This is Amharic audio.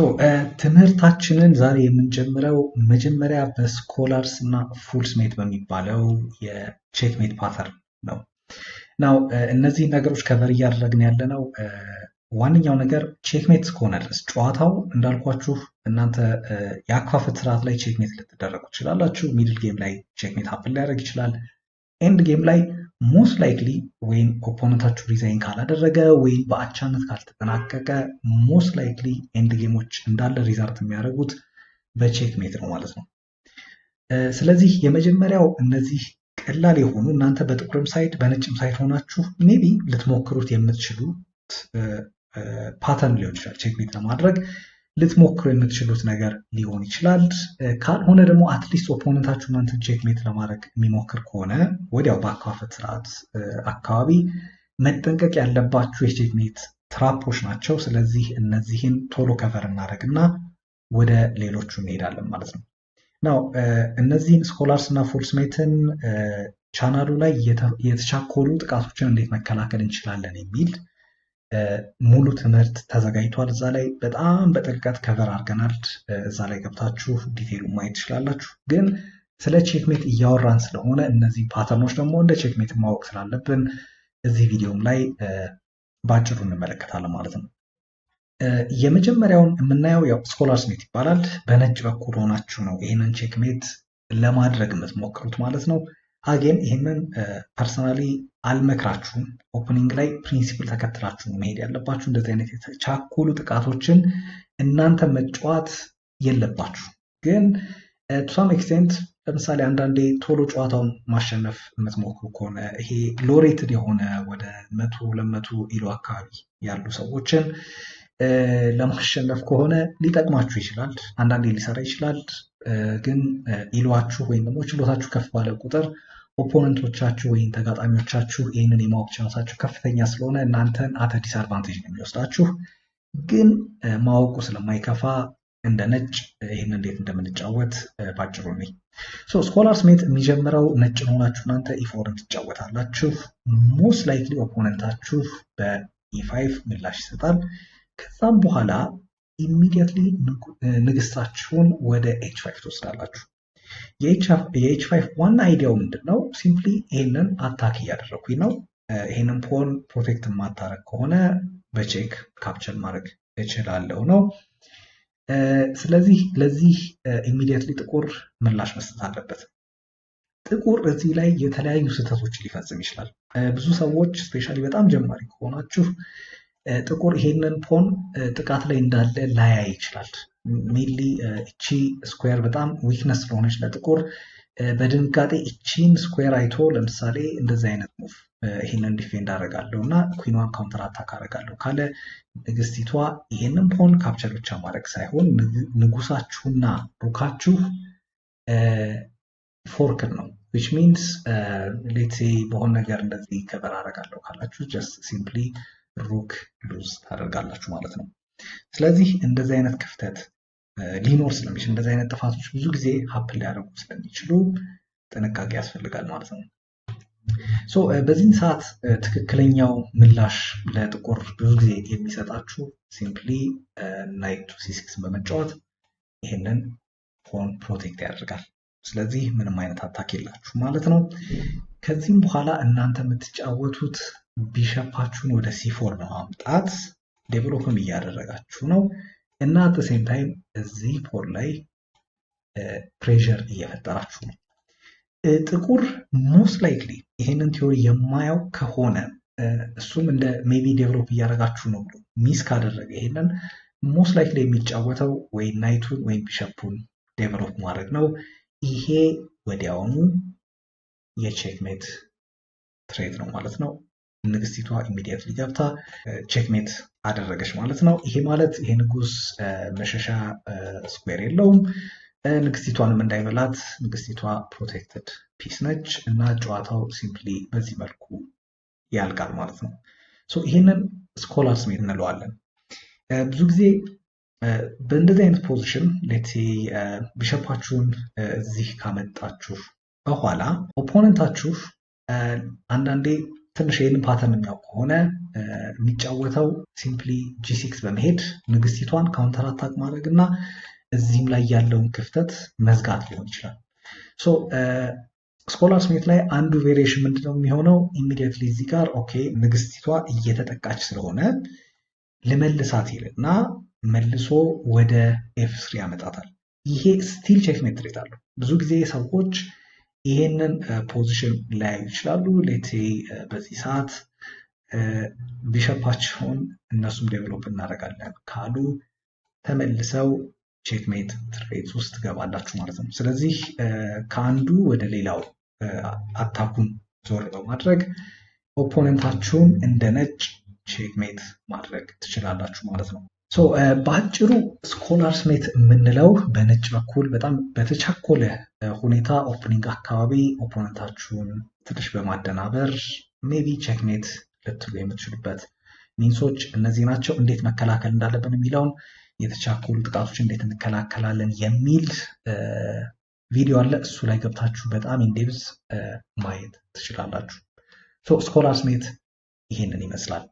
Uh, ትምህርታችንን ዛሬ የምንጀምረው መጀመሪያ በስኮላርስ እና ፉልስ ሜት በሚባለው የቼክ ሜት ፓተርን ነው። ናው uh, እነዚህ ነገሮች ከበር እያደረግን ያለ ነው። uh, ዋነኛው ነገር ቼክ ሜት እስከሆነ ድረስ ጨዋታው እንዳልኳችሁ እናንተ የአከፋፈት ስርዓት ላይ ቼክ ሜት ልትደረጉ ትችላላችሁ። ሚድል ጌም ላይ ሜት አፕል ሊያደርግ ይችላል። ኤንድ ጌም ላይ ሞስት ላይክሊ ወይም ኦፖነንታችሁ ሪዛይን ካላደረገ ወይም በአቻነት ካልተጠናቀቀ ሞስት ላይክሊ ኤንድ ጌሞች እንዳለ ሪዛልት የሚያደርጉት በቼክ ሜት ነው ማለት ነው። ስለዚህ የመጀመሪያው እነዚህ ቀላል የሆኑ እናንተ በጥቁርም ሳይድ በነጭም ሳይድ ሆናችሁ ሜቢ ልትሞክሩት የምትችሉት ፓተርን ሊሆን ይችላል ቼክ ሜት ለማድረግ ልትሞክሩ የምትችሉት ነገር ሊሆን ይችላል። ካልሆነ ደግሞ አትሊስት ኦፖነንታችሁ እናንተን ቼክሜት ለማድረግ የሚሞክር ከሆነ ወዲያው በአካፈት ስርዓት አካባቢ መጠንቀቅ ያለባችሁ የቼክሜት ትራፖች ናቸው። ስለዚህ እነዚህን ቶሎ ከቨር እናደርግና ወደ ሌሎቹ እንሄዳለን ማለት ነው። ናው እነዚህን ስኮላርስ እና ፎልስሜትን ቻናሉ ላይ የተቻኮሉ ጥቃቶችን እንዴት መከላከል እንችላለን የሚል ሙሉ ትምህርት ተዘጋጅቷል። እዛ ላይ በጣም በጥልቀት ከቨር አድርገናል። እዛ ላይ ገብታችሁ ዲቴሉ ማየት ትችላላችሁ። ግን ስለ ቼክሜት እያወራን ስለሆነ እነዚህ ፓተርኖች ደግሞ እንደ ቼክሜት ማወቅ ስላለብን እዚህ ቪዲዮም ላይ በአጭሩ እንመለከታለን ማለት ነው። የመጀመሪያውን የምናየው ያው ስኮላርስ ሜት ይባላል። በነጭ በኩል ሆናችሁ ነው ይህንን ቼክሜት ለማድረግ የምትሞክሩት ማለት ነው። አጌን ይህንን ፐርሰናሊ አልመክራችሁም። ኦፕኒንግ ላይ ፕሪንሲፕል ተከትላችሁ መሄድ ያለባችሁ። እንደዚህ አይነት የተቻኮሉ ጥቃቶችን እናንተ መጫወት የለባችሁ። ግን ቱሳም ኤክስቴንት ለምሳሌ አንዳንዴ ቶሎ ጨዋታውን ማሸነፍ የምትሞክሩ ከሆነ ይሄ ሎሬትድ የሆነ ወደ መቶ ለመቶ ኢሎ አካባቢ ያሉ ሰዎችን ለማሸነፍ ከሆነ ሊጠቅማችሁ ይችላል፣ አንዳንዴ ሊሰራ ይችላል። ግን ኢሏችሁ ወይም ደግሞ ችሎታችሁ ከፍ ባለ ቁጥር ኦፖነንቶቻችሁ ወይም ተጋጣሚዎቻችሁ ይህንን የማወቅ ቻንሳችሁ ከፍተኛ ስለሆነ እናንተን አተ ዲስአድቫንቴጅ ነው የሚወስዳችሁ። ግን ማወቁ ስለማይከፋ እንደ ነጭ ይህን እንዴት እንደምንጫወት ባጭሩ ነኝ። ስኮላርስ ሜት የሚጀምረው ነጭ ሆናችሁ እናንተ ኢፎርን ትጫወታላችሁ። ሞስት ላይክሊ ኦፖነንታችሁ በኢፋይቭ ምላሽ ይሰጣል። ከዛም በኋላ ኢሚዲየትሊ ንግስታችሁን ወደ ኤች ፋይቭ ትወስዳላችሁ። የኤች ፋይቭ ዋና አይዲያው ምንድን ነው? ሲምፕሊ ይህንን አታክ እያደረግኩኝ ነው። ይህንን ፖን ፕሮቴክት ማታረግ ከሆነ በቼክ ካፕቸር ማድረግ እችላለሁ ነው። ስለዚህ ለዚህ ኢሚዲየትሊ ጥቁር ምላሽ መስጠት አለበት። ጥቁር እዚህ ላይ የተለያዩ ስህተቶች ሊፈጽም ይችላል። ብዙ ሰዎች ስፔሻሊ በጣም ጀማሪ ከሆናችሁ ጥቁር ይሄንን ፖን ጥቃት ላይ እንዳለ ላያይ ይችላል። ሜንሊ እቺ ስኩዌር በጣም ዊክነስ ስለሆነች ለጥቁር በድንጋጤ እቺን ስኩዌር አይቶ ለምሳሌ እንደዚህ አይነት ሙቭ ይሄንን ዲፌንድ አደርጋለሁ እና ኩዊኗን ካውንተር አታክ አደርጋለሁ ካለ ንግስቲቷ ይሄንን ፖን ካፕቸር ብቻ ማድረግ ሳይሆን ንጉሳችሁና ሩካችሁ ፎርክን ነው ዊች ሚንስ ሌትሴ በሆነ ነገር እንደዚህ ከበር አደርጋለሁ ካላችሁ ጀስት ሲምፕሊ ሩክ ሉዝ ታደርጋላችሁ ማለት ነው። ስለዚህ እንደዚህ አይነት ክፍተት ሊኖር ስለሚችል እንደዚህ አይነት ጥፋቶች ብዙ ጊዜ ሀፕን ሊያደርጉ ስለሚችሉ ጥንቃቄ ያስፈልጋል ማለት ነው። በዚህን ሰዓት ትክክለኛው ምላሽ ለጥቁር ብዙ ጊዜ የሚሰጣችሁ ሲምፕሊ ናይት ቱ ሲሲክስን በመጫወት ይህንን ሆን ፕሮቴክት ያደርጋል። ስለዚህ ምንም አይነት አታክ የላችሁ ማለት ነው። ከዚህም በኋላ እናንተ የምትጫወቱት ቢሸፓችሁን ወደ ሲፎር በማምጣት ዴቨሎፕም እያደረጋችሁ ነው እና ሴም ታይም እዚህ ፖር ላይ ፕሬር እየፈጠራችሁ ነው። ጥቁር ሞስት ላይክሊ ይህንን ቲዮሪ የማያው ከሆነ እሱም እንደ ሜቢ ዴቨሎፕ እያደረጋችሁ ነው ብሎ ሚስ ካደረገ ይሄንን ሞስት ላይክሊ የሚጫወተው ወይ ናይቱን ወይም ቢሸፑን ዴቨሎፕ ማድረግ ነው። ይሄ ወዲያውኑ የቼክሜት ትሬድ ነው ማለት ነው። ንግስቲቷ ኢሚዲየትሊ ገብታ ቼክሜት አደረገች ማለት ነው። ይሄ ማለት ይሄ ንጉስ መሸሻ ስኩዌር የለውም። ንግስቲቷንም እንዳይበላት ንግስቲቷ ፕሮቴክትድ ፒስ ነች እና ጨዋታው ሲምፕሊ በዚህ መልኩ ያልቃል ማለት ነው። ይህንን ስኮላር ስሜት እንለዋለን። ብዙ ጊዜ በእንደዚህ አይነት ፖዚሽን ሌቴ ቢሸፓችሁን እዚህ ካመጣችሁ በኋላ ኦፖነንታችሁ አንዳንዴ ትንሽ ይህን ፓተርን የሚያውቅ ከሆነ የሚጫወተው ሲምፕሊ ጂ በመሄድ ንግስቲቷን ካውንተር አታክ ማድረግ እና እዚህም ላይ ያለውን ክፍተት መዝጋት ሊሆን ይችላል። ስኮላር ስሜት ላይ አንዱ ቬሪሽን ምንድነው የሚሆነው? ኢሚዲየትሊ እዚህ ጋር ኦኬ ንግስቲቷ እየተጠቃች ስለሆነ ልመልሳት ይልና መልሶ ወደ ኤፍ ያመጣታል። ይሄ ስቲል ቼክ ሜትሬት አለው። ብዙ ጊዜ ሰዎች ይህንን ፖዚሽን ሊያዩ ይችላሉ። ሌቴ በዚህ ሰዓት ቢሸፓቸውን እነሱም ዴቨሎፕ እናደርጋለን ካሉ ተመልሰው ቼክሜት ትሬት ውስጥ ትገባላችሁ ማለት ነው። ስለዚህ ከአንዱ ወደ ሌላው አታኩን ዞር በማድረግ ኦፖነንታችሁን እንደ ነጭ ቼክሜት ማድረግ ትችላላችሁ ማለት ነው። በአጭሩ ስኮላር ስሜት የምንለው በነጭ በኩል በጣም በተቻኮለ ሁኔታ ኦፕኒንግ አካባቢ ኦፖነንታችሁን ትንሽ በማደናበር ሜቢ ቼክሜት ልትሉ የምትችሉበት ሚንሶች እነዚህ ናቸው። እንዴት መከላከል እንዳለብን የሚለውን የተቻኮሉ ጥቃቶች እንዴት እንከላከላለን የሚል ቪዲዮ አለ። እሱ ላይ ገብታችሁ በጣም ኢንዴብዝ ማየት ትችላላችሁ። ስኮላር ስሜት ይሄንን ይመስላል።